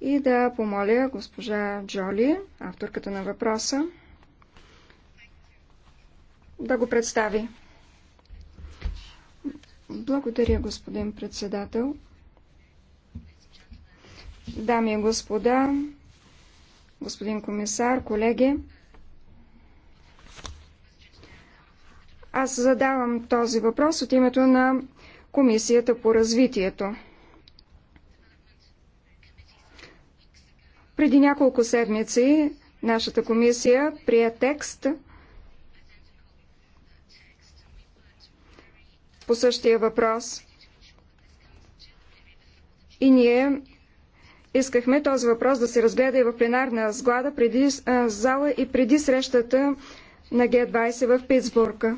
и да помоля госпожа Джоли, авторката на въпроса, да го представи. Благодаря, господин председател. Дами и господа, господин комисар, колеги, аз задавам този въпрос от името на Комисията по развитието. Преди няколко седмици нашата комисия прие текст по същия въпрос. И ние искахме този въпрос да се разгледа и в пленарна сглада преди, а, зала и преди срещата на Г-20 в Питсбурга.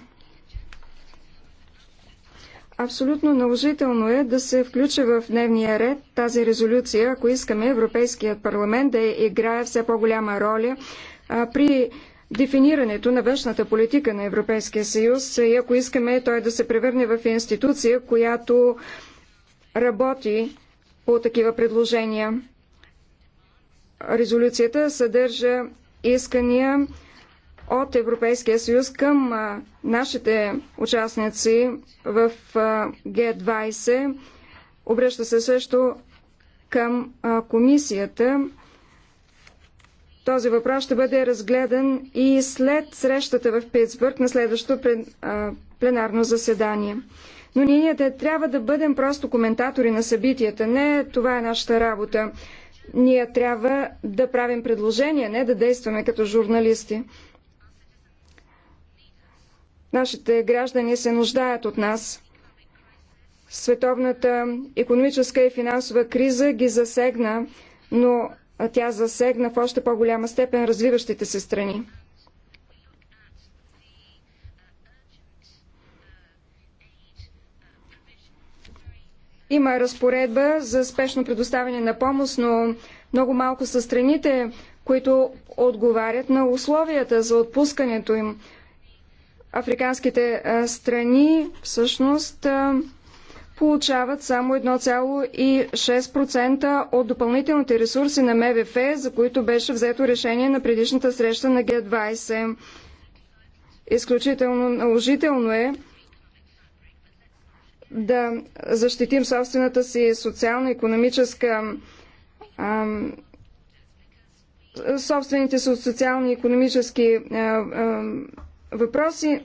Абсолютно наложително е да се включи в дневния ред тази резолюция, ако искаме Европейският парламент да играе все по-голяма роля при дефинирането на външната политика на Европейския съюз и ако искаме той да се превърне в институция, която работи по такива предложения. Резолюцията съдържа искания от Европейския съюз към нашите участници в Г20. Обръща се също към комисията. Този въпрос ще бъде разгледан и след срещата в Питсбърг на следващото пленарно заседание. Но ние трябва да бъдем просто коментатори на събитията. Не, това е нашата работа. Ние трябва да правим предложения, не да действаме като журналисти. Нашите граждани се нуждаят от нас. Световната економическа и финансова криза ги засегна, но тя засегна в още по-голяма степен развиващите се страни. Има разпоредба за спешно предоставяне на помощ, но много малко са страните, които отговарят на условията за отпускането им африканските страни всъщност получават само 1,6% от допълнителните ресурси на МВФ, за които беше взето решение на предишната среща на Г-20. Изключително наложително е да защитим собствената си социално-економическа собствените си социални и економически а, а, въпроси,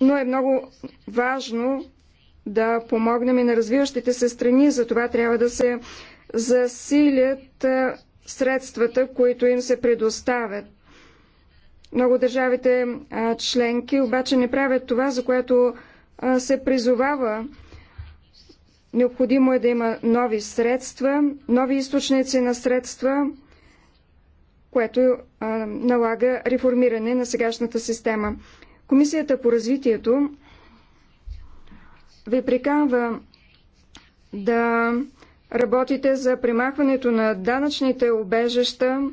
но е много важно да помогнем и на развиващите се страни. За това трябва да се засилят средствата, които им се предоставят. Много държавите членки обаче не правят това, за което се призовава. Необходимо е да има нови средства, нови източници на средства, което а, налага реформиране на сегашната система. Комисията по развитието ви приканва да работите за примахването на данъчните обежища,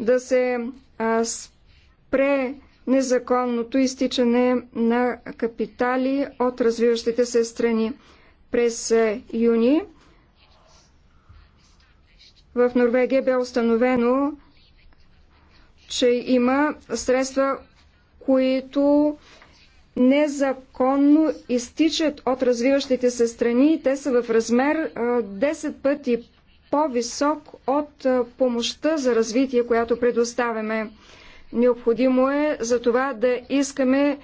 да се а, спре незаконното изтичане на капитали от развиващите се страни. През юни в Норвегия бе установено, че има средства, които незаконно изтичат от развиващите се страни и те са в размер 10 пъти по-висок от помощта за развитие, която предоставяме. Необходимо е за това да искаме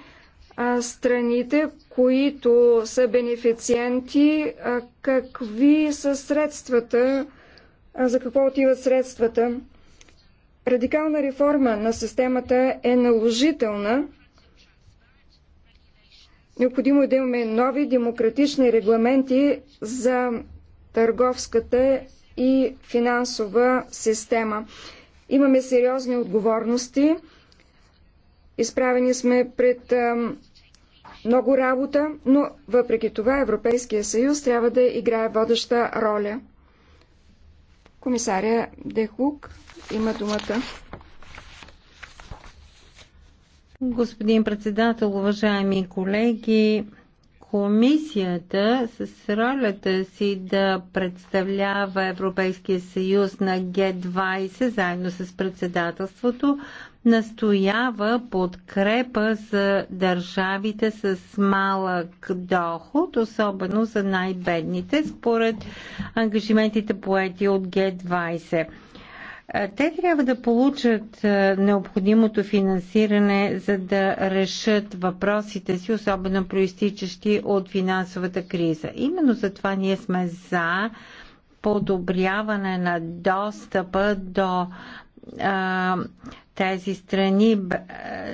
страните, които са бенефициенти, какви са средствата, за какво отиват средствата. Радикална реформа на системата е наложителна. Необходимо е да имаме нови демократични регламенти за търговската и финансова система. Имаме сериозни отговорности. Изправени сме пред много работа, но въпреки това Европейския съюз трябва да играе водеща роля. Комисаря Дехук има думата. Господин председател, уважаеми колеги, комисията с ролята си да представлява Европейския съюз на Г-20 заедно с председателството настоява подкрепа за държавите с малък доход, особено за най-бедните, според ангажиментите поети от Г20. Те трябва да получат е, необходимото финансиране, за да решат въпросите си, особено проистичащи от финансовата криза. Именно за това ние сме за подобряване на достъпа до а, е, тези страни, е,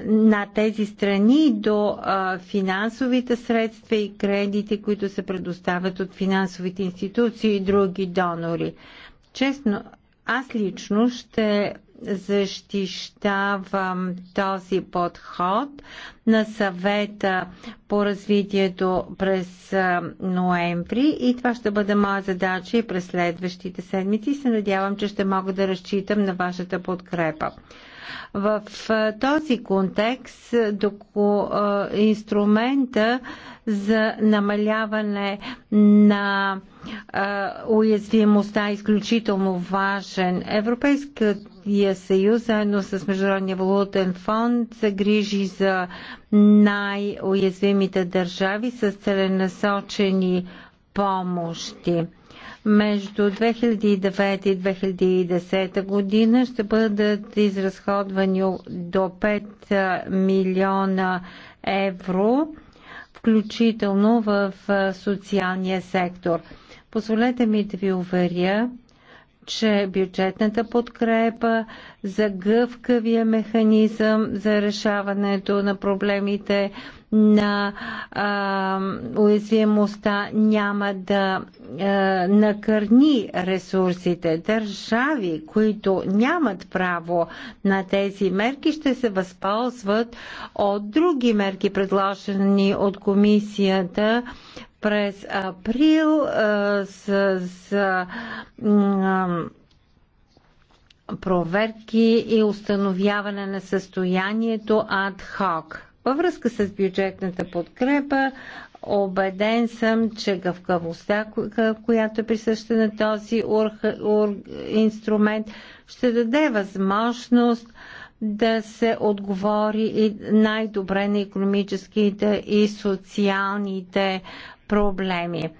на тези страни до е, финансовите средства и кредити, които се предоставят от финансовите институции и други донори. Честно, аз лично ще защищавам този подход на съвета по развитието през е, ноември и това ще бъде моя задача и през следващите седмици. Се надявам, че ще мога да разчитам на вашата подкрепа. В този контекст доко, инструмента за намаляване на уязвимостта е изключително важен. Европейския съюз, заедно с Международния валутен фонд, се грижи за най-уязвимите държави с целенасочени помощи между 2009 и 2010 година ще бъдат изразходвани до 5 милиона евро, включително в социалния сектор. Позволете ми да ви уверя, че бюджетната подкрепа за гъвкавия механизъм за решаването на проблемите на а, уязвимостта няма да а, накърни ресурсите. Държави, които нямат право на тези мерки, ще се възползват от други мерки, предложени от комисията през април с, с проверки и установяване на състоянието ад хок. Във връзка с бюджетната подкрепа, Обеден съм, че гъвкавостта, която е присъща на този ур... Ур... инструмент, ще даде възможност да се отговори и най-добре на економическите и социалните проблеми.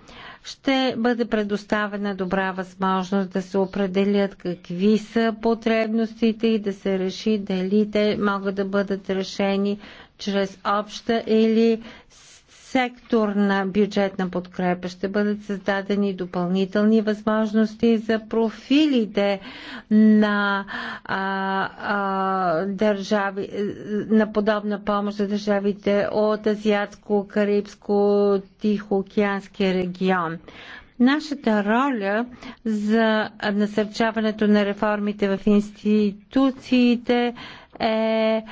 Ще бъде предоставена добра възможност да се определят какви са потребностите и да се реши дали те могат да бъдат решени чрез обща или сектор на бюджетна подкрепа. Ще бъдат създадени допълнителни възможности за профилите на, а, а, държави, на подобна помощ за държавите от Азиатско-Карибско-Тихоокеанския регион. Нашата роля за насърчаването на реформите в институциите е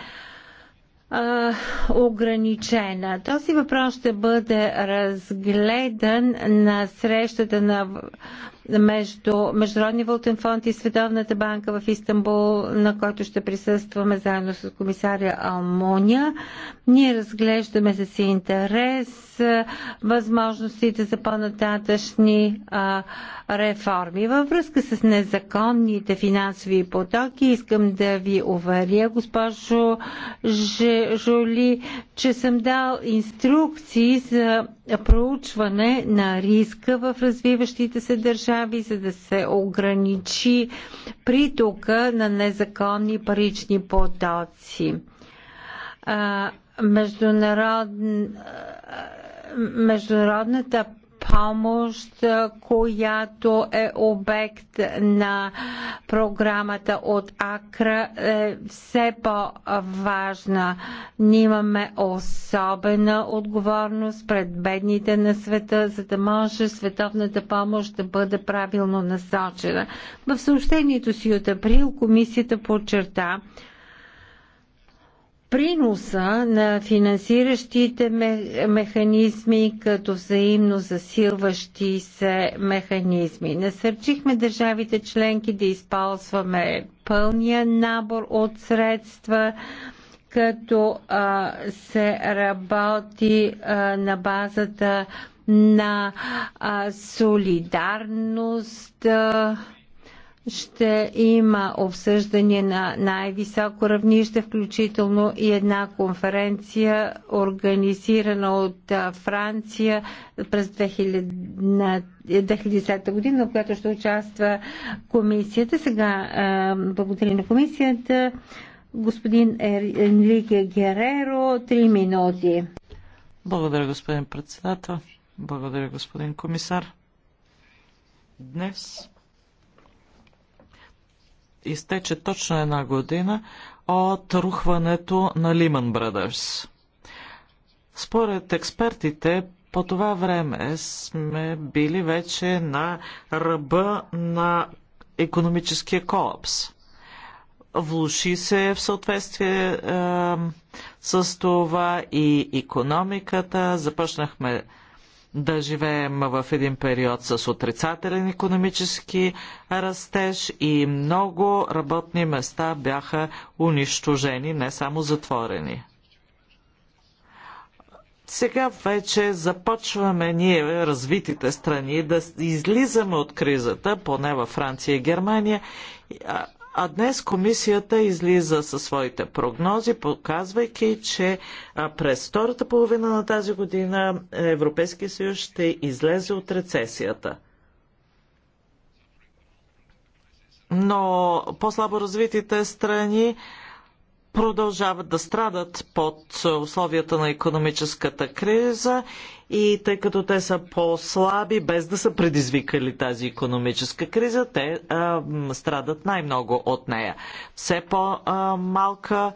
а, ограничена. Този въпрос ще бъде разгледан на срещата на между Международния валутен фонд и Световната банка в Истанбул, на който ще присъстваме заедно с комисаря Алмония. Ние разглеждаме с интерес за възможностите за по-нататъчни реформи. Във връзка с незаконните финансови потоки искам да ви уверя, госпожо Жоли, че съм дал инструкции за проучване на риска в развиващите се държави, за да се ограничи притока на незаконни парични потоци. международ международната помощ, която е обект на програмата от АКРА, е все по-важна. Ние имаме особена отговорност пред бедните на света, за да може световната помощ да бъде правилно насочена. В съобщението си от април комисията подчерта, приноса на финансиращите механизми като взаимно засилващи се механизми. Насърчихме държавите членки да използваме пълния набор от средства, като а, се работи а, на базата на а, солидарност. А, ще има обсъждане на най-високо равнище, включително и една конференция, организирана от Франция през 2010 година, в която ще участва комисията. Сега благодаря на комисията. Господин Енрике Гереро, 3 минути. Благодаря, господин председател. Благодаря, господин комисар. Днес изтече точно една година от рухването на Lehman Brothers. Според експертите, по това време сме били вече на ръба на економическия колапс. Влуши се в съответствие е, с това и економиката. Започнахме да живеем в един период с отрицателен економически растеж и много работни места бяха унищожени, не само затворени. Сега вече започваме ние, развитите страни, да излизаме от кризата, поне във Франция и Германия, а днес комисията излиза със своите прогнози, показвайки, че през втората половина на тази година Европейския съюз ще излезе от рецесията. Но по-слабо развитите страни продължават да страдат под условията на економическата криза и тъй като те са по-слаби, без да са предизвикали тази економическа криза, те а, страдат най-много от нея. Все по-малка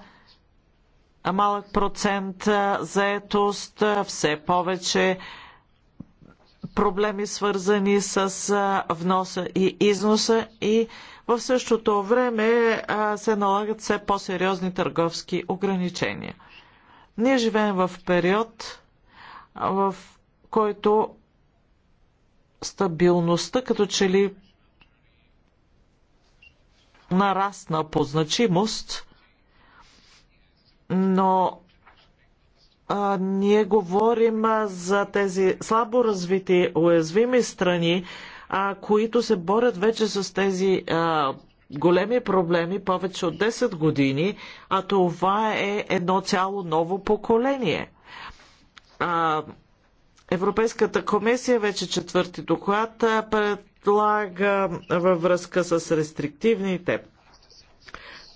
малък процент заетост, все повече проблеми свързани с вноса и износа и в същото време се налагат все по-сериозни търговски ограничения. Ние живеем в период, в който стабилността като че ли нарасна по значимост, но а, ние говорим за тези слабо развити, уязвими страни, а, които се борят вече с тези а, големи проблеми повече от 10 години, а това е едно цяло ново поколение. А, Европейската комисия вече четвърти доклад предлага във връзка с рестриктивните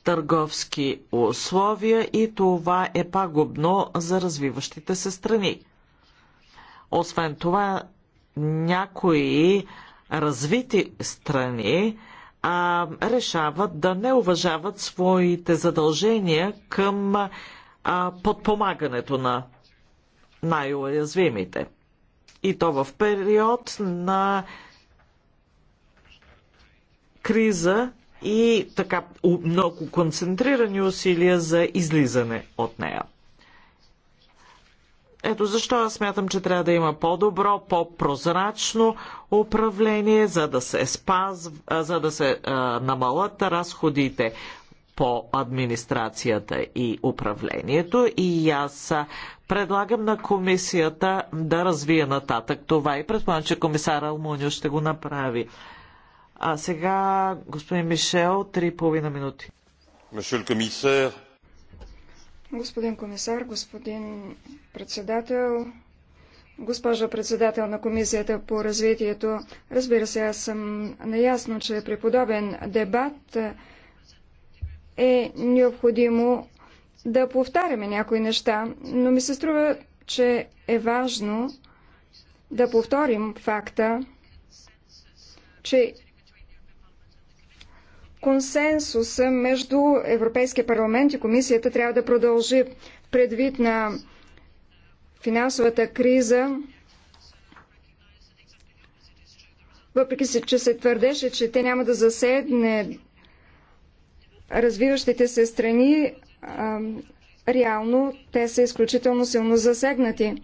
търговски условия и това е пагубно за развиващите се страни. Освен това, някои развити страни а, решават да не уважават своите задължения към а, подпомагането на най-уязвимите. И то в период на криза и така много концентрирани усилия за излизане от нея. Ето защо аз смятам, че трябва да има по-добро, по-прозрачно управление, за да се спазва, за да се а, намалят разходите по администрацията и управлението и аз предлагам на комисията да развие нататък това и предполагам, че комисар Алмунио ще го направи. А сега господин Мишел, три и половина минути. Мишел комисар, Господин комисар, господин председател, госпожа председател на Комисията по развитието, разбира се, аз съм наясно, че при подобен дебат е, е необходимо да повтаряме някои неща, но ми се струва, че е важно да повторим факта, че консенсуса между Европейския парламент и комисията трябва да продължи предвид на финансовата криза. Въпреки се, че се твърдеше, че те няма да заседне развиващите се страни, реално те са изключително силно засегнати.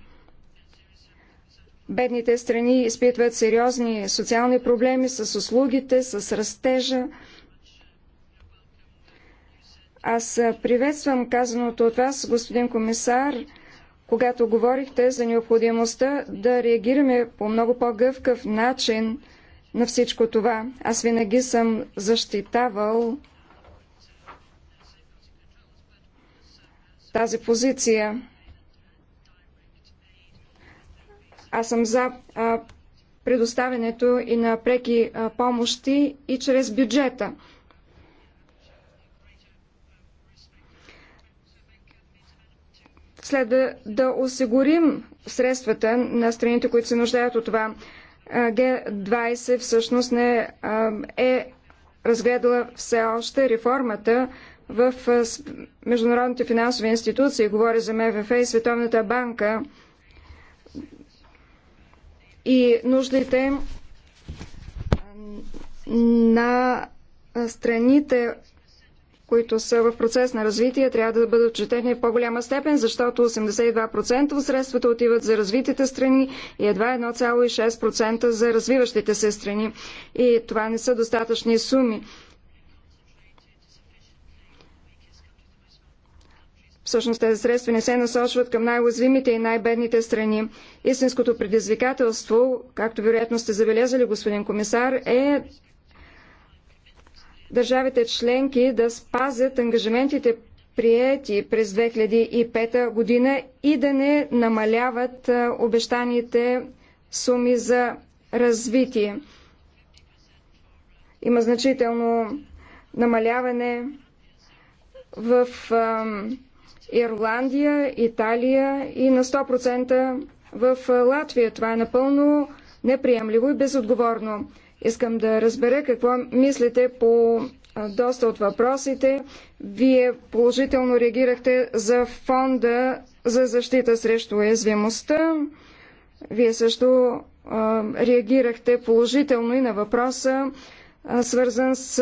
Бедните страни изпитват сериозни социални проблеми с услугите, с растежа, аз приветствам казаното от вас, господин комисар, когато говорихте за необходимостта да реагираме по много по-гъвкав начин на всичко това. Аз винаги съм защитавал тази позиция. Аз съм за а, предоставянето и на преки а, помощи и чрез бюджета. Следва да осигурим средствата на страните, които се нуждаят от това. Г-20 всъщност не е разгледала все още реформата в международните финансови институции, говори за МВФ и Световната банка и нуждите на страните които са в процес на развитие, трябва да бъдат отчетени в по-голяма степен, защото 82% от средствата отиват за развитите страни и едва 1,6% за развиващите се страни. И това не са достатъчни суми. Всъщност тези средства не се насочват към най-уязвимите и най-бедните страни. Истинското предизвикателство, както вероятно сте забелязали, господин комисар, е държавите членки да спазят ангажиментите приети през 2005 година и да не намаляват обещаните суми за развитие. Има значително намаляване в Ирландия, Италия и на 100% в Латвия. Това е напълно неприемливо и безотговорно. Искам да разбера какво мислите по доста от въпросите. Вие положително реагирахте за фонда за защита срещу уязвимостта. Вие също а, реагирахте положително и на въпроса, а, свързан с,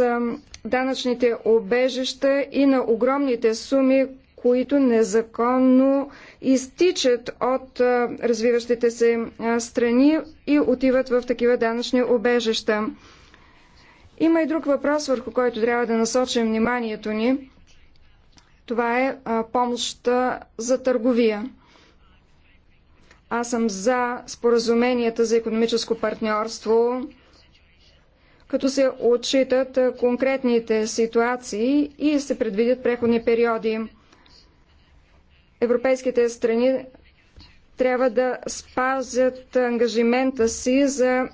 а, данъчните обежища и на огромните суми, които незаконно изтичат от развиващите се страни и отиват в такива данъчни обежища. Има и друг въпрос, върху който трябва да насочим вниманието ни. Това е помощта за търговия. Аз съм за споразуменията за економическо партньорство, като се отчитат конкретните ситуации и се предвидят преходни периоди. Европейските страни трябва да спазят ангажимента си за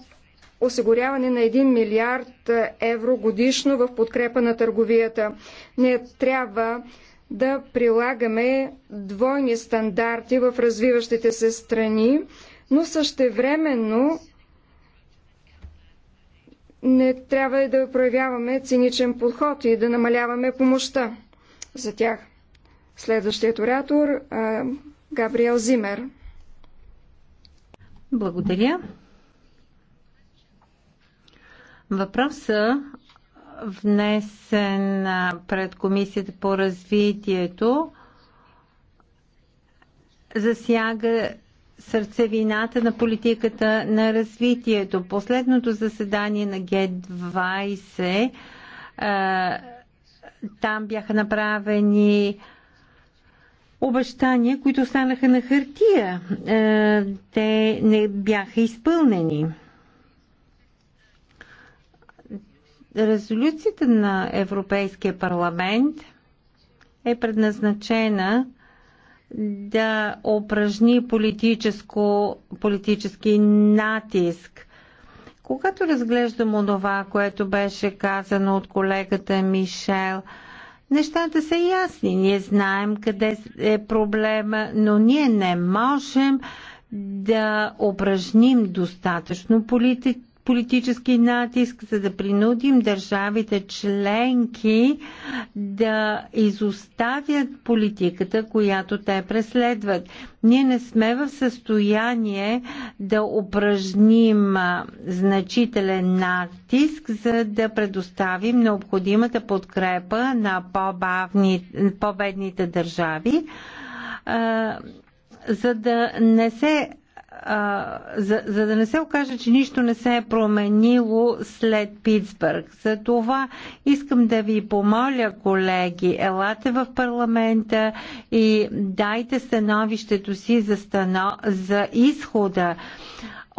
осигуряване на 1 милиард евро годишно в подкрепа на търговията. Ние трябва да прилагаме двойни стандарти в развиващите се страни, но същевременно не трябва и да проявяваме циничен подход и да намаляваме помощта за тях. Следващият оратор Габриел Зимер. Благодаря. Въпроса внесен пред Комисията по развитието засяга сърцевината на политиката на развитието. Последното заседание на Г20 там бяха направени обещания, които останаха на хартия. Е, те не бяха изпълнени. Резолюцията на Европейския парламент е предназначена да упражни политическо, политически натиск. Когато разглеждам онова, което беше казано от колегата Мишел, Нещата са ясни. Ние знаем къде е проблема, но ние не можем да упражним достатъчно политика политически натиск, за да принудим държавите членки да изоставят политиката, която те преследват. Ние не сме в състояние да упражним значителен натиск, за да предоставим необходимата подкрепа на по-бедните по държави за да не се за, за да не се окаже, че нищо не се е променило след Питсбърг. За това искам да ви помоля, колеги, елате в парламента и дайте становището си за, стано, за изхода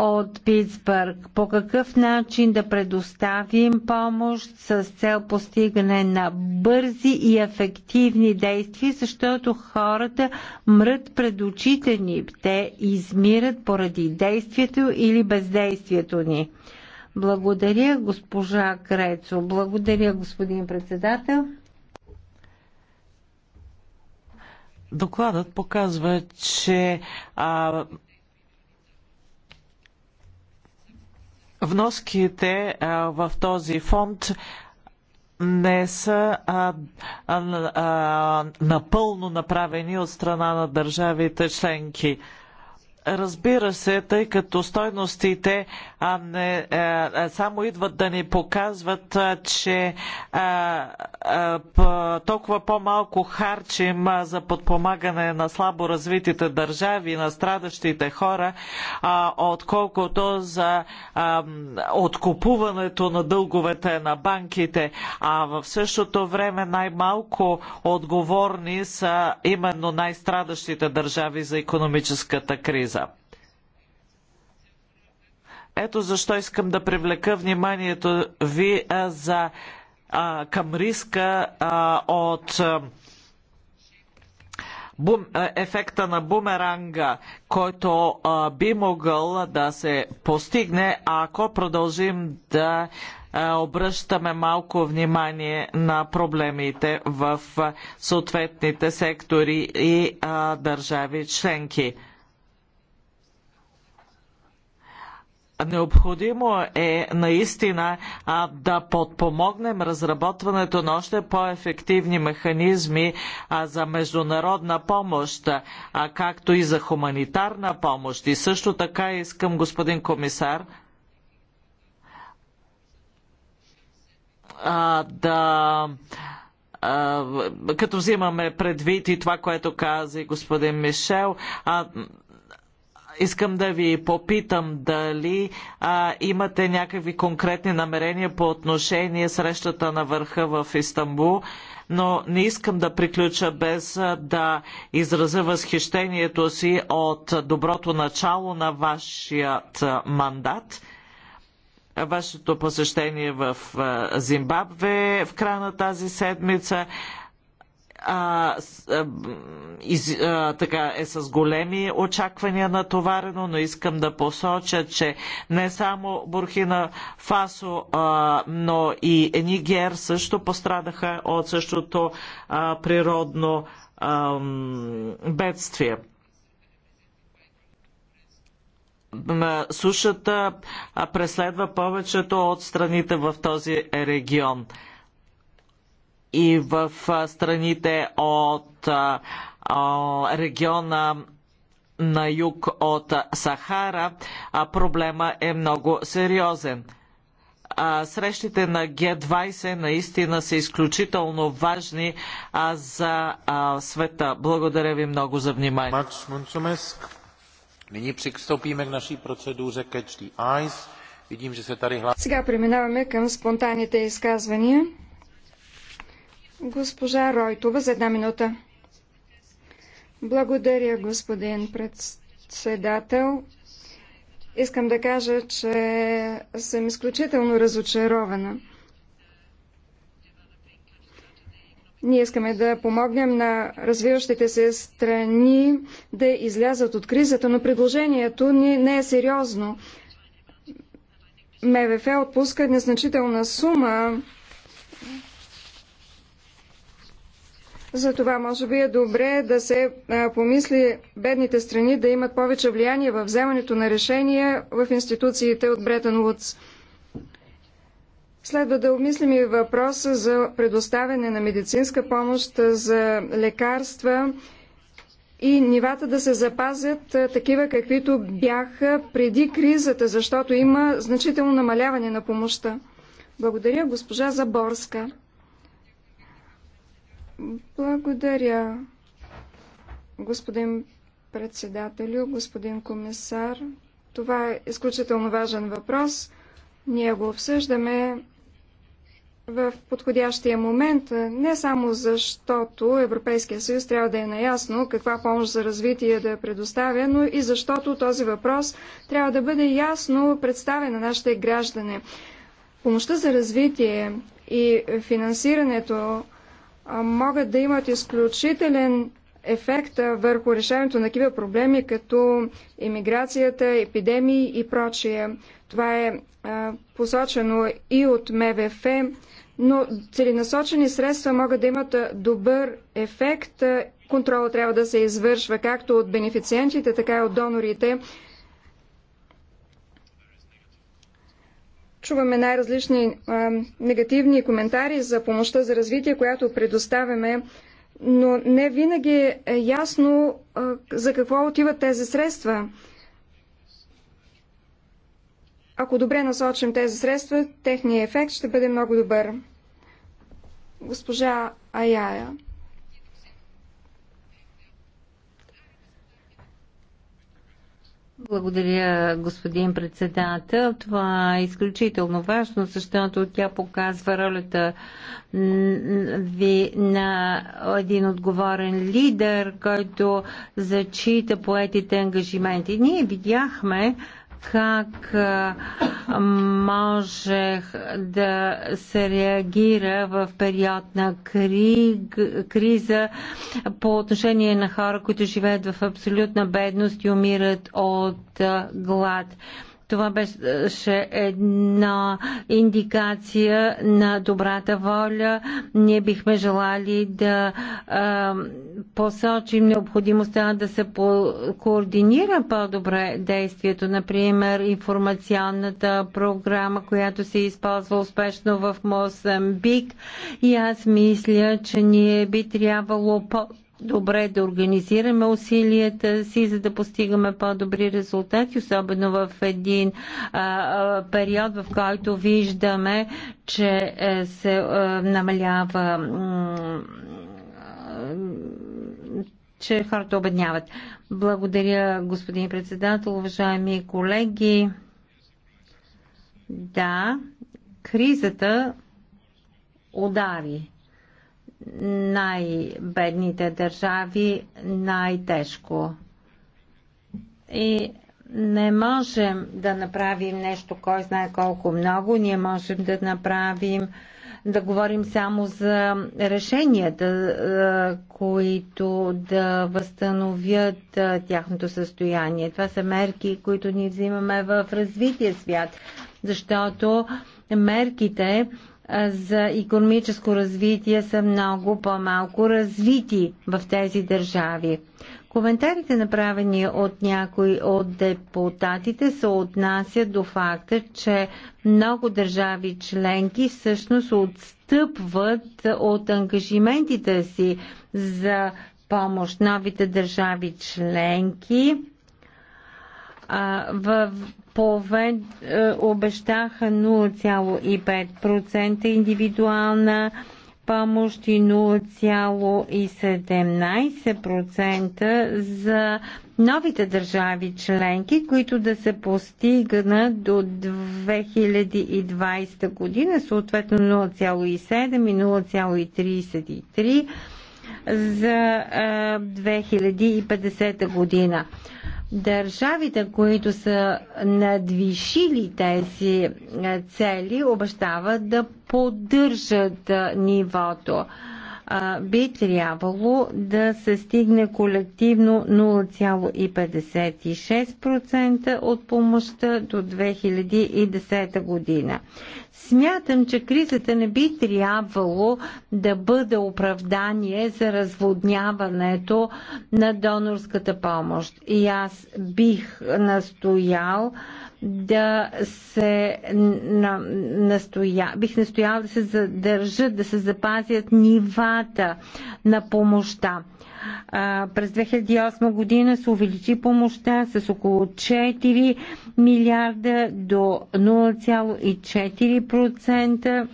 от Питсбърг. По какъв начин да предоставим помощ с цел постигане на бързи и ефективни действия, защото хората мрът пред очите ни. Те измират поради действието или бездействието ни. Благодаря, госпожа Крецо. Благодаря, господин председател. Докладът показва, че а, вноските в този фонд не са а, а, а, напълно направени от страна на държавите членки. Разбира се, тъй като стойностите а не, а, е, е, само идват да ни показват, а, е, че а, а, толкова по-малко харчим а, за подпомагане на слабо развитите държави, на страдащите хора, а, отколкото за а, откупуването на дълговете на банките. А в същото време най-малко отговорни са именно най-страдащите държави за економическата криза криза. Ето защо искам да привлека вниманието ви за, а, към риска а, от а, бум, ефекта на бумеранга, който а, би могъл да се постигне, ако продължим да а, обръщаме малко внимание на проблемите в съответните сектори и а, държави членки. Необходимо е наистина а, да подпомогнем разработването на още по-ефективни механизми а, за международна помощ, а, както и за хуманитарна помощ. И също така искам, господин комисар, а, да като взимаме предвид и това, което каза и господин Мишел, а, Искам да ви попитам дали а, имате някакви конкретни намерения по отношение срещата на върха в Истанбул, но не искам да приключа без да изразя възхищението си от доброто начало на вашият мандат вашето посещение в Зимбабве в края на тази седмица, а, из, а, така е с големи очаквания натоварено, но искам да посоча, че не само Бурхина Фасо, а, но и Нигер също пострадаха от същото а, природно а, бедствие сушата преследва повечето от страните в този регион и в страните от региона на юг от Сахара, проблема е много сериозен. Срещите на Г-20 наистина са изключително важни за света. Благодаря ви много за вниманието. Сега преминаваме към спонтанните изказвания. Госпожа Ройтова за една минута. Благодаря, господин председател. Искам да кажа, че съм изключително разочарована. Ние искаме да помогнем на развиващите се страни да излязат от кризата, но предложението ни не е сериозно. МВФ отпуска незначителна сума затова може би е добре да се помисли бедните страни да имат повече влияние в вземането на решения в институциите от Бретън Уудс. Следва да обмислим и въпроса за предоставяне на медицинска помощ, за лекарства и нивата да се запазят такива, каквито бяха преди кризата, защото има значително намаляване на помощта. Благодаря, госпожа Заборска. Благодаря, господин председателю, господин комисар. Това е изключително важен въпрос. Ние го обсъждаме в подходящия момент, не само защото Европейския съюз трябва да е наясно каква помощ за развитие да предоставя, но и защото този въпрос трябва да бъде ясно представен на нашите граждане. Помощта за развитие и финансирането могат да имат изключителен ефект върху решаването на такива проблеми, като иммиграцията, епидемии и прочие. Това е посочено и от МВФ, но целенасочени средства могат да имат добър ефект. Контрола трябва да се извършва както от бенефициентите, така и от донорите, Чуваме най-различни негативни коментари за помощта за развитие, която предоставяме, но не винаги е ясно а, за какво отиват тези средства. Ако добре насочим тези средства, техният ефект ще бъде много добър. Госпожа Аяя. Благодаря, господин председател. Това е изключително важно, защото тя показва ролята ви на един отговорен лидер, който зачита поетите ангажименти. Ние видяхме как можех да се реагира в период на криза по отношение на хора, които живеят в абсолютна бедност и умират от глад. Това беше една индикация на добрата воля. Ние бихме желали да а, посочим необходимостта да се по- координира по-добре действието. Например, информационната програма, която се използва успешно в Мосамбик, И аз мисля, че ние би трябвало по- добре да организираме усилията си, за да постигаме по-добри резултати, особено в един а, а, период, в който виждаме, че а, е, се а, е, намалява. А, че хората обедняват. Благодаря, господин председател, уважаеми колеги. Да, кризата удари най-бедните държави най-тежко. И не можем да направим нещо, кой знае колко много. Ние можем да направим, да говорим само за решенията, е, които да възстановят е, тяхното състояние. Това са мерки, които ни взимаме в развития свят, защото мерките за економическо развитие са много по-малко развити в тези държави. Коментарите, направени от някои от депутатите, се отнасят до факта, че много държави членки всъщност отстъпват от ангажиментите си за помощ. Новите държави членки в повед, е, обещаха 0,5% индивидуална помощ и 0,17% за новите държави членки, които да се постигнат до 2020 година, съответно 0,7 и 0,33 за 2050 година. Държавите, които са надвишили тези цели, обещават да поддържат нивото би трябвало да се стигне колективно 0,56% от помощта до 2010 година. Смятам, че кризата не би трябвало да бъде оправдание за разводняването на донорската помощ. И аз бих настоял да се на, настоя, бих настояла да се задържат, да се запазят нивата на помощта. А, през 2008 година се увеличи помощта с около 4 милиарда до 0,4%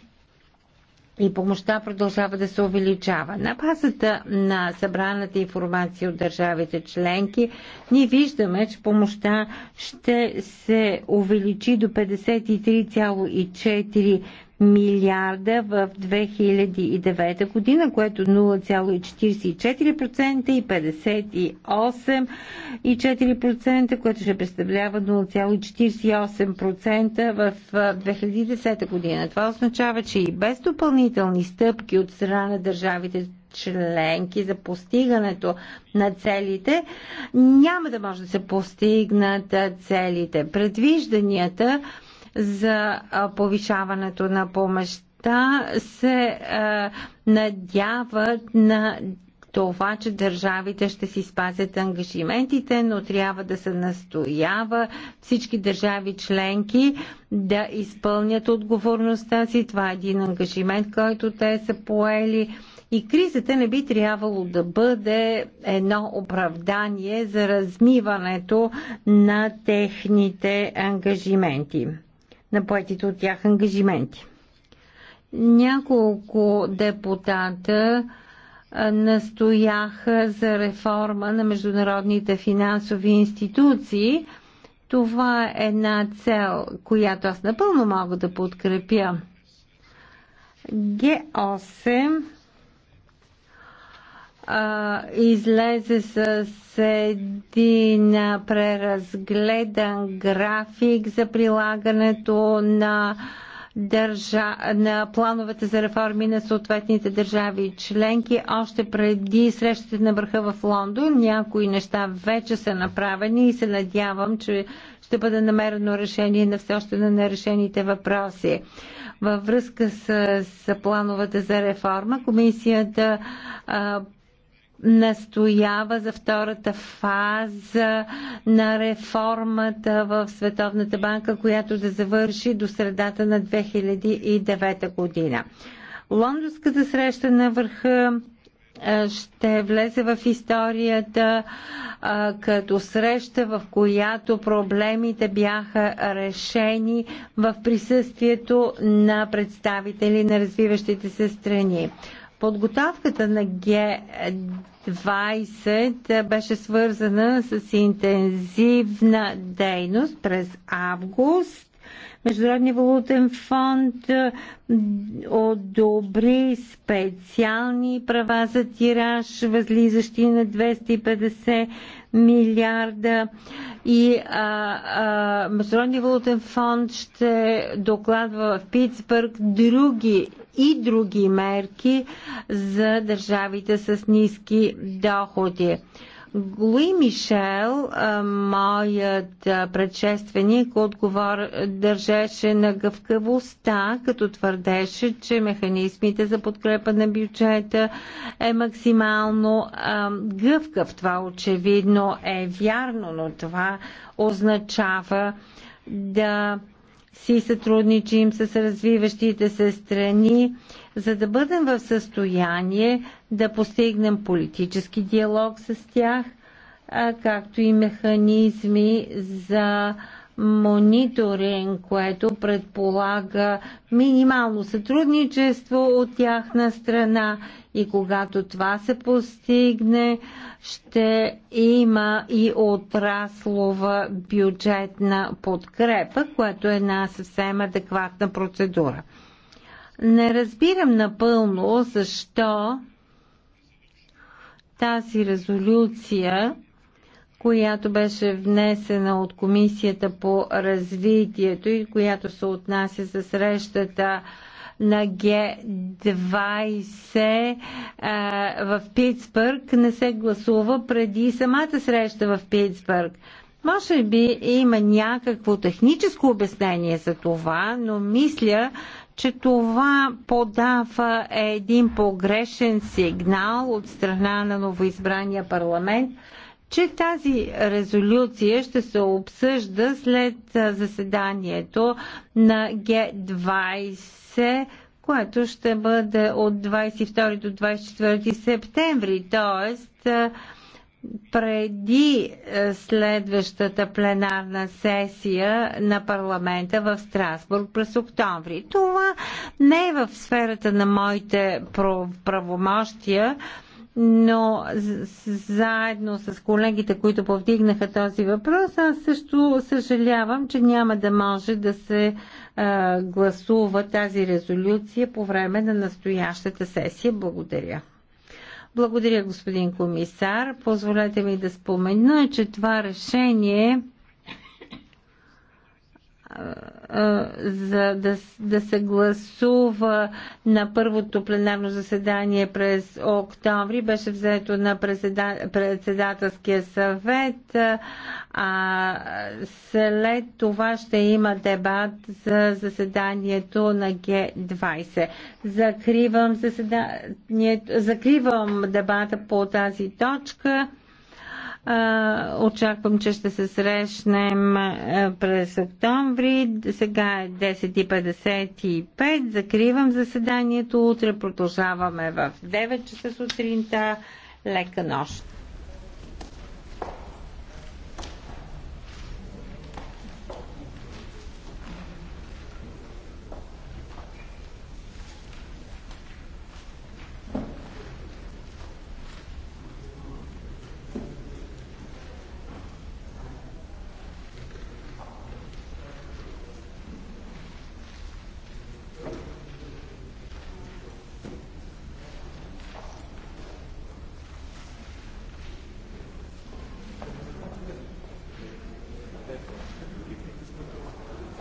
и помощта продължава да се увеличава. На базата на събраната информация от държавите членки, ние виждаме, че помощта ще се увеличи до 53,4 милиарда в 2009 година, което 0,44% и 58,4%, което ще представлява 0,48% в 2010 година. Това означава, че и без допълнителни стъпки от страна на държавите членки за постигането на целите, няма да може да се постигнат целите. Предвижданията за повишаването на помощта се надяват на това, че държавите ще си спазят ангажиментите, но трябва да се настоява всички държави членки да изпълнят отговорността си. Това е един ангажимент, който те са поели. И кризата не би трябвало да бъде едно оправдание за размиването на техните ангажименти на поетите от тях ангажименти. Няколко депутата настояха за реформа на международните финансови институции. Това е една цел, която аз напълно мога да подкрепя. Г8 а, излезе с един преразгледан график за прилагането на държа... на плановете за реформи на съответните държави и членки. Още преди срещата на върха в Лондон някои неща вече са направени и се надявам, че ще бъде намерено решение на все още на нерешените въпроси. Във връзка с, с плановете за реформа, комисията а, настоява за втората фаза на реформата в Световната банка, която да завърши до средата на 2009 година. Лондонската среща на върха ще влезе в историята а, като среща, в която проблемите бяха решени в присъствието на представители на развиващите се страни. Подготовката на Г20 беше свързана с интензивна дейност през август. Международния валутен фонд одобри специални права за тираж, възлизащи на 250 милиарда и а, а, Международния валутен фонд ще докладва в Питсбърг други и други мерки за държавите с ниски доходи. Луи Мишел, моят предшественик, отговор държеше на гъвкавостта, като твърдеше, че механизмите за подкрепа на бюджета е максимално гъвкав. Това очевидно е вярно, но това означава да си сътрудничим с развиващите се страни, за да бъдем в състояние да постигнем политически диалог с тях, както и механизми за мониторинг, което предполага минимално сътрудничество от тяхна страна и когато това се постигне, ще има и отраслова бюджетна подкрепа, което е една съвсем адекватна процедура. Не разбирам напълно защо тази резолюция която беше внесена от Комисията по развитието и която се отнася за срещата на Г20 в Питсбърг не се гласува преди самата среща в Питсбърг. Може би има някакво техническо обяснение за това, но мисля, че това подава един погрешен сигнал от страна на новоизбрания парламент, че тази резолюция ще се обсъжда след заседанието на Г20 лице, което ще бъде от 22 до 24 септември, т.е. преди следващата пленарна сесия на парламента в Страсбург през октомври. Това не е в сферата на моите правомощия, но заедно с колегите, които повдигнаха този въпрос, аз също съжалявам, че няма да може да се а, гласува тази резолюция по време на настоящата сесия. Благодаря. Благодаря, господин комисар. Позволете ми да спомена, че това решение за да, да се гласува на първото пленарно заседание през октомври беше взето на председателския съвет, а след това ще има дебат за заседанието на Г20. Закривам, заседанието, закривам дебата по тази точка. Очаквам, че ще се срещнем през октомври. Сега е 10.55. Закривам заседанието. Утре продължаваме в 9 часа сутринта. Лека нощ!